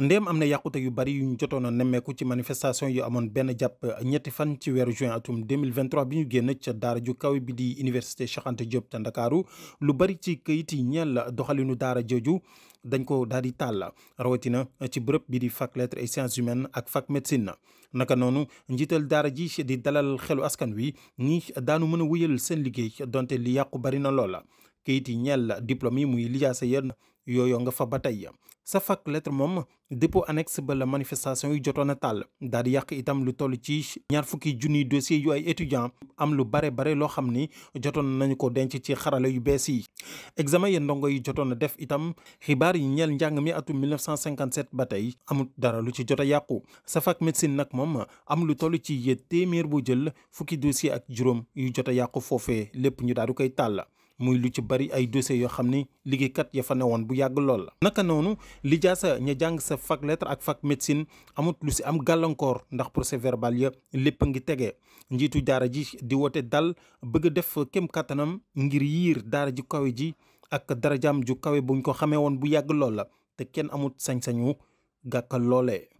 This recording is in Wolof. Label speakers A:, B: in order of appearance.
A: ndéem am na yàqute yu bari yu ñu jotoon a nemmeeku ci manifestation yu amoon benn jàpp ñetti fan ci weeru juin atum 2023 bi ñu génn ca daara ju kaw bi di université soxante Anta Diop te Ndakaaru lu bari ci këyit yi la doxalinu daara jooju dañ ko daal di tàll rawatina ci bërëb bi di fac lettres et sciences humaines ak fac na naka noonu njiital daara ji di dalal xelu askan wi ñi daanu mën a wéyal seen liggéey donte li yàqu bari na loola kayit yi ñeel diplôme yi muy lijaasa yenn yooyu nga fa ba tey sa fac lettre moom dépôt annexe ba la manifestation yu jotoon na tàll daal di yàq itam lu toll ci ñaar fukki junniy dossier yu ay étudiants am lu bare bare loo xam ni jotoon nañu ko denc ci xarala yu bees yi. examen ya ndongo yi jotoon a def itam xibaar yi ñeel njàng mi atum 1957 ba tey amul dara lu ci jot a yàqu sa fac médecine nag moom am lu toll ci téeméer bu jël fukki dossier ak juróom yu jot a yàqu foofee lépp ñu daal di koy tàll. muy lu ci bari ay dossiers yoo xam ni liggéeykat ya fa ne woon bu yàgg lool la. naka noonu lijaasa ña jàng sa fac lettre ak fac médecine amut lu si am gàllankoor ndax procès verbal ya lépp ngi tege njiitu daara ji di woote dal bëgg a def kem kattanam ngir yiir daara ji kawe ji ak dara jaam ju kawe buñ ko xamee woon bu yàgg lool la te kenn amut sañ-sañu gàkkal loolee.